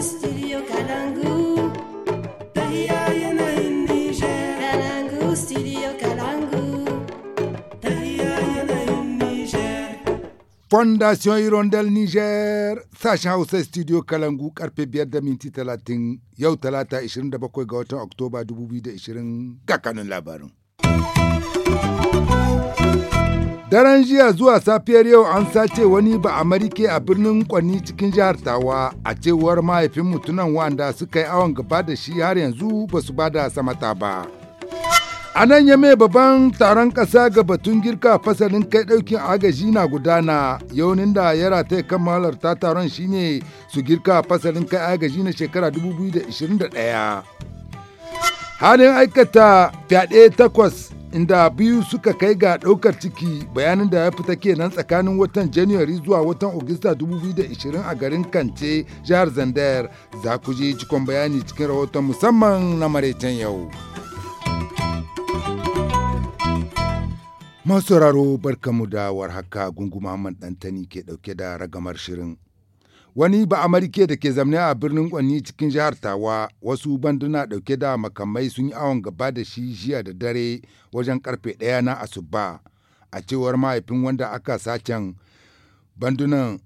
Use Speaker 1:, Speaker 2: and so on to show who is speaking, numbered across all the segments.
Speaker 1: studio
Speaker 2: Fondation Hirondelle niger sashen Hausa studio Kalangu karfe 5 da minti 30 yau talata 27 ga watan Oktoba 2020 ga kanun labarin. Daren jiya zuwa safiyar yau an sace wani ba marike a birnin Kwani cikin jihar Tawa a cewar mahaifin mutunan wanda suka yi awon gaba da shi har yanzu ba su ba da samata ba. A nan yame babban taron ƙasa ga batun girka fasalin kai ɗaukin agaji na gudana yaunin da ya rataya kan mahalarta taron shine su girka fasalin kai agaji na shekara 2021. halin aikata fyaɗe takwas inda biyu suka kai ga ɗaukar ciki bayanin da ya fita kenan tsakanin watan january zuwa watan augusta 2020 a garin kance jihar zandayar za ku je cikon bayani cikin rahoton musamman na maraicen yau masu sauraro barkamu da warhaka gunguma muhammad ɗantani ke ɗauke da ragamar shirin Wani ba da ke zamne a birnin Kwanni cikin jihar Tawa wasu banduna dauke da makamai sun yi awon gaba da shi jiya da dare wajen karfe ɗaya na asuba. A cewar mahaifin wanda aka sacen bandunan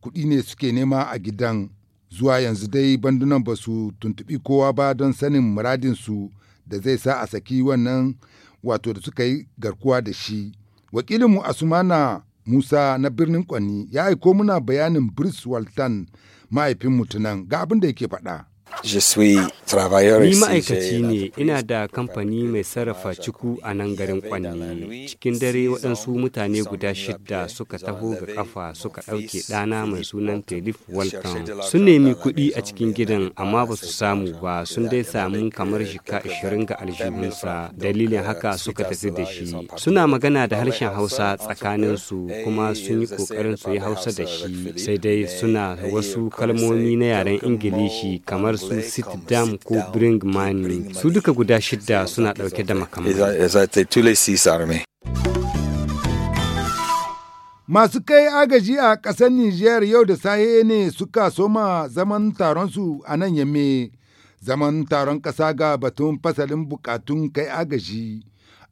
Speaker 2: kudi ne suke nema a gidan zuwa yanzu dai bandunan ba su tuntuɓi kowa ba don sanin muradinsu da zai sa a saki wannan wato da suka yi garkuwa da shi. Wakilinmu Asumana Musa na birnin Kwani ya aiko muna bayanin Bruce Walton
Speaker 3: mahaifin mutunan ga
Speaker 2: abin da yake faɗa.
Speaker 3: Ni ma'aikaci ne ina da kamfani mai sarrafa ciku a nan garin Kwanni. Cikin dare waɗansu mutane guda shidda suka taho ga kafa suka ɗauke ɗana mai sunan Telif Walkan. Sun nemi kuɗi a cikin gidan amma ba su samu ba sun dai samu kamar shika ishirin ga aljihunsa dalilin haka suka tafi da shi. Suna magana da harshen Hausa tsakanin su kuma sun yi ƙoƙarin su yi Hausa da shi sai dai suna wasu kalmomi na yaren Ingilishi kamar su su sit Dam ko bring money su duka guda shida suna ɗauke da makamai.
Speaker 2: Masu kai agaji a ƙasar Nijiyar yau da sahe ne suka soma zaman taronsu a nan yamme, zaman taron ƙasa ga batun fasalin bukatun kai agaji.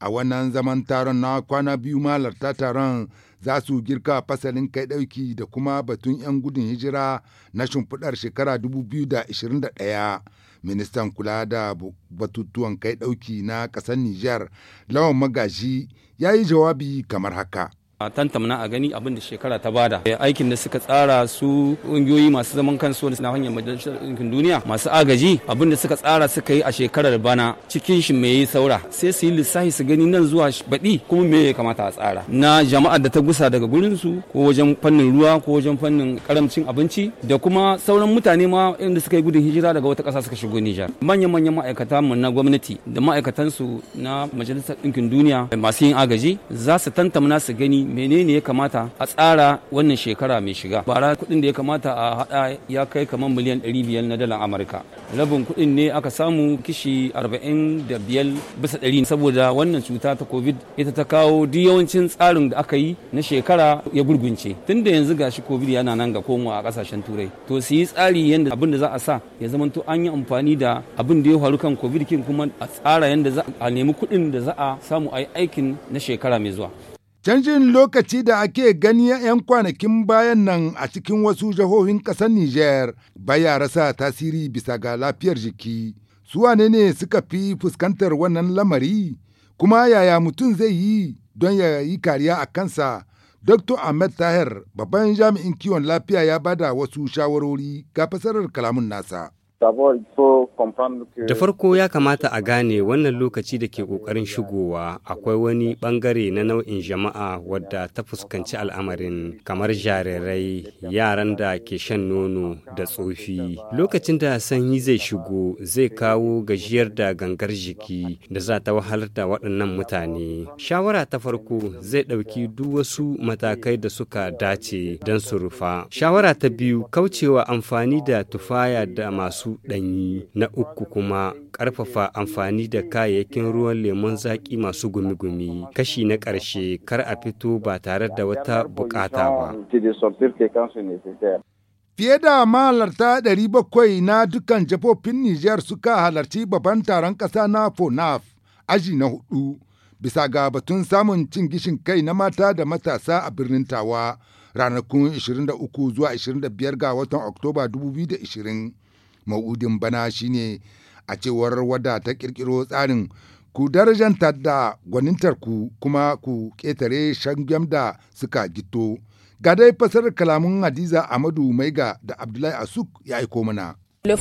Speaker 2: A wannan zaman taron na kwana biyu malarta taron za su girka fasalin kai ɗauki da kuma batun 'yan gudun hijira na shimfiɗar shekara 2021 ministan kula da batutuwan kai ɗauki na ƙasar niger lawan magaji ya yi jawabi kamar haka
Speaker 4: a tantamna a gani abin da shekara ta bada eh, aikin da suka tsara su ƙungiyoyi masu zaman kansu wani suna hanyar majalisar ɗinkin duniya masu agaji abin da suka tsara suka yi a shekarar bana cikin shi mai saura sai su yi lissafi su gani nan zuwa baɗi kuma me ya kamata a tsara na jama'a da ta gusa daga gurin su ko wajen fannin ruwa ko wajen fannin karamcin abinci da kuma sauran mutane ma inda suka yi gudun hijira daga wata ƙasa suka shigo Nijar manyan manyan ma'aikata mu na gwamnati da ma'aikatansu na majalisar ɗinkin duniya masu yin agaji za su tantamna su gani menene ya kamata a tsara wannan shekara mai shiga bara kuɗin da ya kamata a haɗa ya kai kamar miliyan 500 na dalar amurka rabin kuɗin ne aka samu kishi 45 bisa 100 saboda wannan cuta ta covid ita ta kawo duk yawancin tsarin da aka yi na shekara ya gurgunce tunda yanzu gashi covid yana nan ga komowa a kasashen turai to su yi tsari yadda abin da za a sa ya zama to an yi amfani da abin da ya faru kan covid kin kuma a tsara yanda za a nemi kuɗin da za a samu a yi aikin na shekara mai zuwa Canjin
Speaker 2: lokaci da ake gani 'yan kwanakin bayan nan a cikin wasu jihohin ƙasar Nijar baya rasa tasiri bisa ga lafiyar jiki. Su wane ne suka fi fuskantar wannan lamari? Kuma yaya mutum zai yi don ya yi kariya a kansa? Dr. Ahmed Tahir, babban jami'in kiwon lafiya ya bada wasu shawarori ga fasarar kalamun nasa. Da
Speaker 3: farko ya kamata a gane wannan lokaci da ke ƙoƙarin shigowa akwai wani ɓangare na nau'in jama'a wadda ta fuskanci al'amarin kamar jarirai, yaran da ke shan nono da tsofi. Lokacin da sanyi zai shigo zai kawo gajiyar da gangar jiki da za ta wahalar da waɗannan mutane. Shawara ta farko zai ɗauki duk wasu matakai da suka dace don su rufa. Shawara ta biyu kaucewa amfani da tufaya da masu ɗanyi na uku kuma ƙarfafa amfani da kayayyakin ruwan lemon zaƙi masu gumi-gumi kashi na ƙarshe kar a fito ba tare da wata buƙata ba Fiye da
Speaker 2: mahalarta 700 na dukkan jafofin Nijar suka halarci babban taron ƙasa na FONAF aji na hudu bisa ga batun samun cin gishin kai na mata da matasa a birnin Tawa ranakun 23 zuwa 25 ga watan Oktoba 2020. Ma'udin bana shine a cewar wadda ta kirkiro tsarin ku darajanta da gwanintar ku kuma ku ƙetare shangyam da suka gito. Ga dai fasar kalamun Hadiza Amadu Maiga da Abdullahi Asuk ya aiko mana.
Speaker 1: Le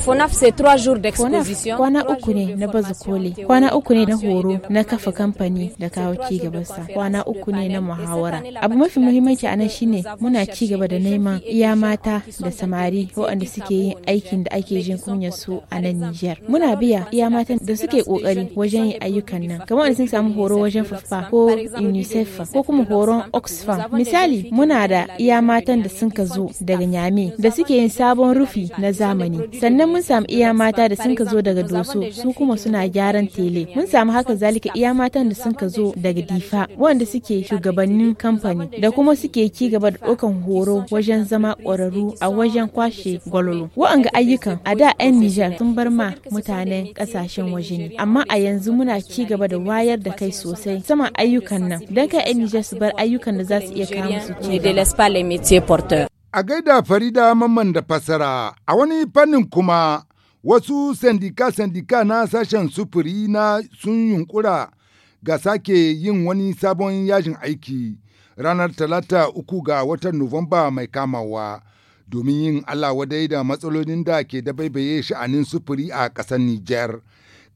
Speaker 1: Kwana uku ne na baza koli, kwana uku ne na horo na kafa kamfani da kawo ci gabansa, kwana uku ne na muhawara. Abu mafi muhimmanci a nan shine muna ci gaba da neman iya mata da samari waɗanda suke yin aikin da ake jin kunya su a nan niger Muna biya iya mata da suke kokari wajen yin ayyukan nan, kamar wanda sun samu horo wajen fafa ko UNICEF ko kuma horon Oxfam. Misali, muna da iya matan da sun ka zo daga Nyame da suke yin sabon rufi na zamani. Sannan sannan mun samu iya mata da sun ka zo daga doso su kuma suna gyaran tele mun samu haka zalika iya matan da sun ka zo daga difa wanda suke shugabannin kamfani da kuma suke ci gaba da ɗaukan horo wajen zama ƙwararru a wajen kwashe gwalolo wa'anga ayyukan a da 'yan nijar sun bar ma mutanen ƙasashen waje ne amma a yanzu muna ci gaba da wayar da kai sosai saman ayyukan nan don kai 'yan nijar su bar ayyukan da za su iya kawo su ci
Speaker 2: a gaida Farida Mamman da fasara, a wani fannin kuma wasu sandika-sandika na sashen sufuri na sun yunkura ga sake yin wani sabon yajin aiki ranar talata uku ga watan Nuwamba mai kamawa domin yin Allah wadai da matsalolin da ke da baibaye sha'anin sufuri a ƙasar Nijar,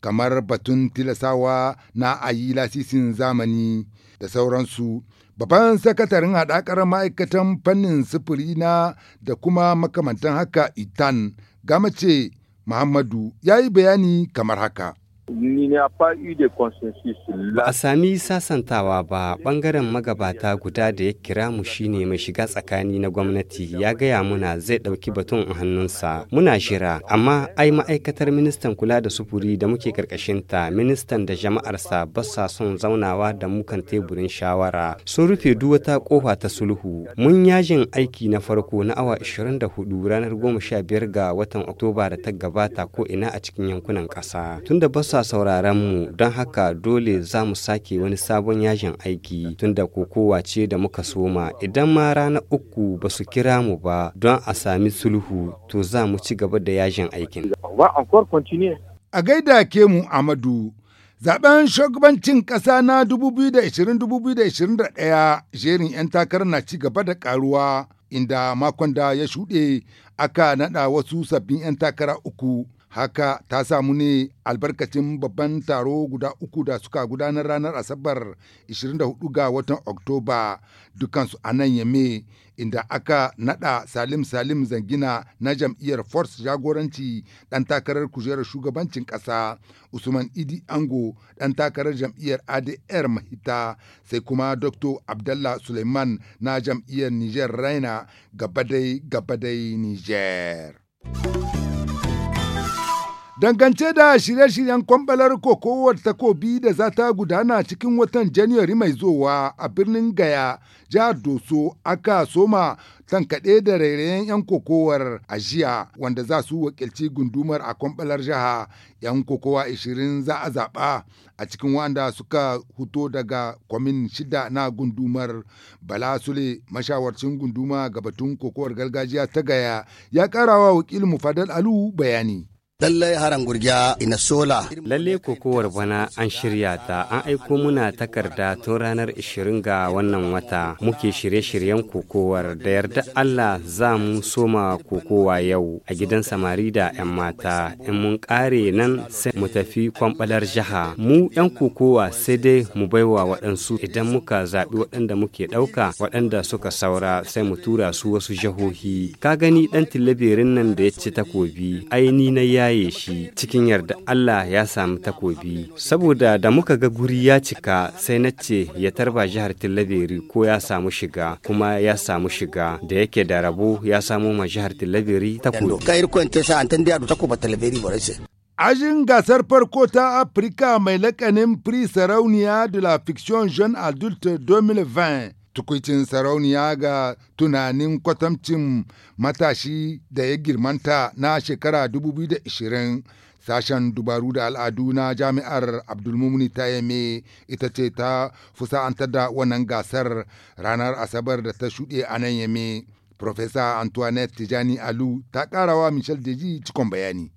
Speaker 2: kamar batun tilasawa na ayi lasisin zamani da sauransu. Babban sakataren haɗakar ma'aikatan fannin sufuri na da kuma makamantan haka Itan Gamace Muhammadu ya yi bayani kamar haka.
Speaker 3: Ba a sami sasantawa ba bangaren magabata guda da ya kira mu shine mai shiga tsakani na gwamnati ya gaya muna zai dauki batun a hannunsa. Muna shira, amma ai ma'aikatar ministan kula da sufuri da muke karkashinta ministan da jama'arsa ba sa son zaunawa da mukan teburin shawara. Sun rufe duk wata kofa ta sulhu. Mun yajin aiki na farko na awa 24 ranar 15 ga watan Oktoba da ta gabata ko ina a cikin yankunan kasa Tunda ba sa sa sauraron mu don haka dole za mu sake wani sabon yajin aiki tunda kokowa ce da muka soma idan ma rana uku ba su kira mu ba don a sami sulhu to za mu ci gaba da yajin aikin. A gaida ke mu Amadu,
Speaker 2: zaben shugabancin ƙasa na 2020-2021 jerin 'yan takarar na ci gaba da ƙaruwa inda makon da ya shuɗe aka naɗa wasu sabbin 'yan takara uku. haka ta samu ne albarkacin babban taro guda uku da suka gudanar ranar asabar 24 ga watan oktoba dukansu a nan yame inda aka nada salim salim zangina na jam'iyyar force jagoranci dan takarar kujerar shugabancin kasa usman idi ango dan takarar jam'iyyar adr mahita sai kuma dr abdallah suleiman na jam'iyyar niger raina gabadai gabadai niger Dangance da shirye-shiryen kwambalar kokowar takobi da za ta gudana cikin watan Janairu mai zowa a birnin Gaya, jihar Doso, aka soma tankaɗe da rairayen 'yan kokowar a jiya wanda za su wakilci gundumar a kwambalar jiha 'yan kokowa 20 za a zaɓa a cikin wanda suka huto daga kwamin shida na gundumar bala sule mashawarcin gunduma gabatun kokowar gargajiya ta gaya ya wa wakil mufadal alu
Speaker 3: bayani lallai haran gurgiya ina sola lalle kokowar bana an shirya ta an aiko muna takarda tun ranar 20 ga wannan wata muke shirye-shiryen kokowar da yarda Allah za mu soma kokowa yau a gidan samari da 'yan mata in mun kare nan sai mu tafi kwambalar jiha mu 'yan kokowa sai dai mu baiwa waɗansu idan muka zaɓi waɗanda muke ɗauka waɗanda suka saura sai mu tura su wasu jahohi. ka gani ɗan tilabirin nan da ya ci takobi aini na yayi yaye shi cikin yarda Allah ya samu takobi saboda da muka ga guri ya cika sai na ce ya tarba jihar Tillaberi ko ya samu shiga kuma ya samu shiga da yake da rabo ya samu ma jihar Tillaberi takobi.
Speaker 2: Ajin gasar farko ta Afirka mai lakanin Prix Sarauniya de la Fiction Jeune Adulte 2020 tukucin sarauniya ga tunanin kwatamcin matashi da ya girmanta na shekara 2020 sashen dubaru da al'adu na jami'ar abdulmumni ta yame ita ce ta fusa'antar da wannan gasar ranar asabar da ta shuɗe a nan yame Profesa Antoinette Tijani Alu ta ƙarawa Michel Deji cikon bayani.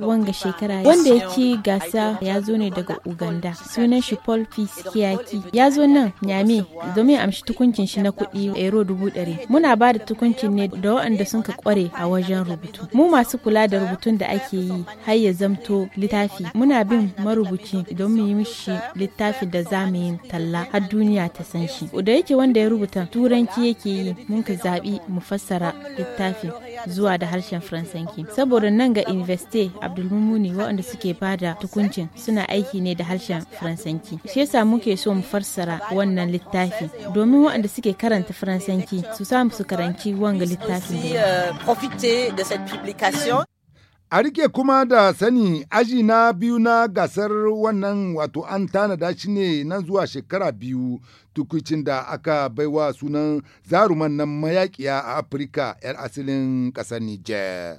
Speaker 1: wanga shekara wanda ya ci gasa ya zo ne daga uganda sunan shi paul fiskiyaki ya zo nan nyame domin amshi tukuncin shi na kuɗi euro dubu ɗari muna ba da tukuncin ne da waɗanda sun ka kware a wajen rubutu mu masu kula da rubutun da ake yi har ya zamto littafi muna bin marubuci don mu yi mishi littafi da za mu yi talla har duniya ta san shi da yake wanda ya rubuta turanci yake yi mun ka zaɓi mu fassara littafin zuwa da harshen Faransanki. Saboda nan ga investe Abdulmumuni waɗanda suke bada tukuncin suna aiki ne da harshen Faransanki. Shi yasa muke so mu fassara wannan littafi domin waɗanda suke karanta Faransanki su samu su karanci wanga littafin da euh,
Speaker 2: A rike kuma da sani aji na biyu na gasar wannan wato an tanada shi ne nan zuwa shekara biyu tukucin da aka baiwa sunan zaruman nan mayakiya a Afirka 'yar asalin ƙasar Nijar.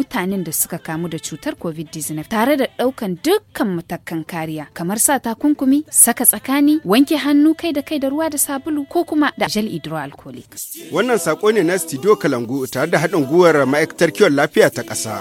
Speaker 5: mutanen da suka kamu da cutar covid-19 tare da ɗaukan dukkan matakan kariya kamar sa takunkumi saka tsakani wanke hannu kai da kai da ruwa da sabulu ko kuma da gel hydroalcoholic
Speaker 2: wannan sako ne na studio kalangu tare da haɗin gwiwar ma'aikatar kiwon lafiya ta ƙasa.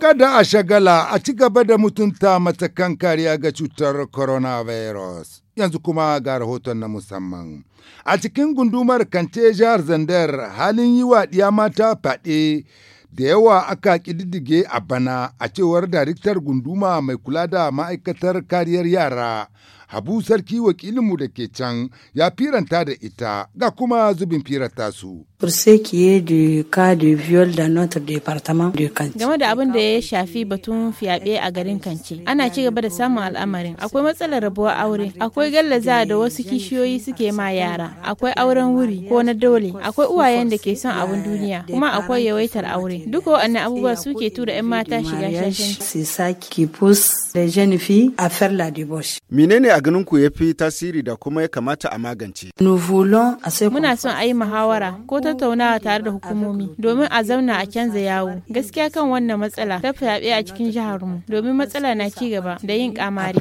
Speaker 2: kada a shagala a ci gaba da mutunta matakan kariya ga cutar coronavirus. yanzu kuma ga rahoton na musamman. A cikin gundumar Kante jihar Zandar halin yi wa ɗiya mata faɗe da yawa aka ƙididdige a bana a cewar daraktar gunduma mai kula da ma'aikatar kariyar yara. Habu Sarki wakilinmu da ke can ya firanta da ita ga kuma zubin
Speaker 1: firanta su. Pour ce qui est du cas de viol dans notre département de kanti. Game da abin da ya shafi batun fiyabe a garin kanti ana ci gaba da samun al'amarin. Akwai matsalar rabuwar aure, akwai gallaza da wasu kishiyoyi suke ma yara, akwai auren wuri ko na dole, akwai uwayen da ke son abin duniya, kuma akwai yawaitar aure. Duka waɗannan abubuwa suke tura 'yan mata shiga shashen. C'est ça qui pousse les jeunes filles à faire la débauche. Menene
Speaker 2: a ganin ku yafi tasiri da kuma ya kamata a magance?
Speaker 1: Nous voulons Muna son a muhawara ko tattaunawa tare da hukumomi domin a zauna a canza yawo gaskiya kan wannan matsala ta fyaɓe a cikin jihar mu domin matsala na ci gaba da yin kamari.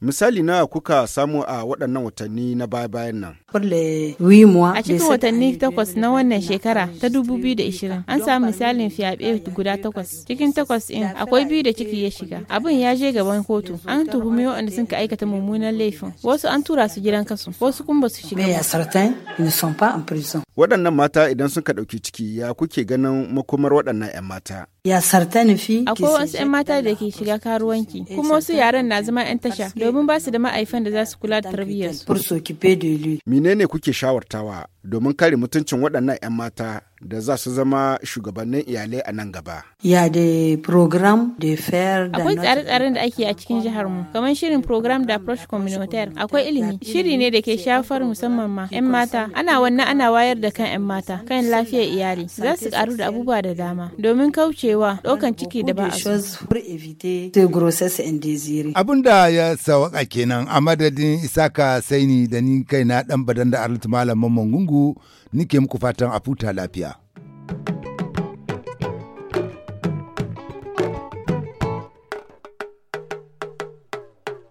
Speaker 2: Misali na kuka samu a waɗannan watanni na baya-bayan nan.
Speaker 1: A cikin watanni takwas na wannan shekara ta 2020 an samu misalin fyaɓe guda takwas. Cikin takwas in akwai biyu da ciki ya shiga. Abin ya je gaban kotu. An tuhumi waɗanda sun ka aikata mummunan laifin. Wasu an tura su gidan kasu. Wasu kuma ba su shiga.
Speaker 2: Waɗannan mata idan suka ɗauki ciki ya kuke ganin makomar waɗannan 'yan mata?
Speaker 1: ya sarta nufi akwai wasu 'yan mata da ke shiga karuwanki eh, kuma wasu yaran na zama 'yan tasha domin ba su da ma'aifan da za su kula da tarbiyyarsu
Speaker 2: menene kuke shawartawa domin kare mutuncin waɗannan 'yan mata da za su zama shugabannin iyalai a nan gaba.
Speaker 1: Ya da program da fair da Akwai tsare-tsaren da ake a cikin jihar mu, kamar shirin program da approach communautaire. Akwai ilimi, shiri ne da ke shafar musamman ma 'yan mata. Ana wannan ana wayar da kan 'yan mata kan lafiyar iyali. Za su karu da abubuwa da dama domin kaucewa gujewa ɗaukan ciki da ba
Speaker 2: Abin da ya sawaka kenan a madadin Isaka Saini da ni kaina dan badan da Arlit Malam Mamman Gungu nike muku fatan a futa lafiya.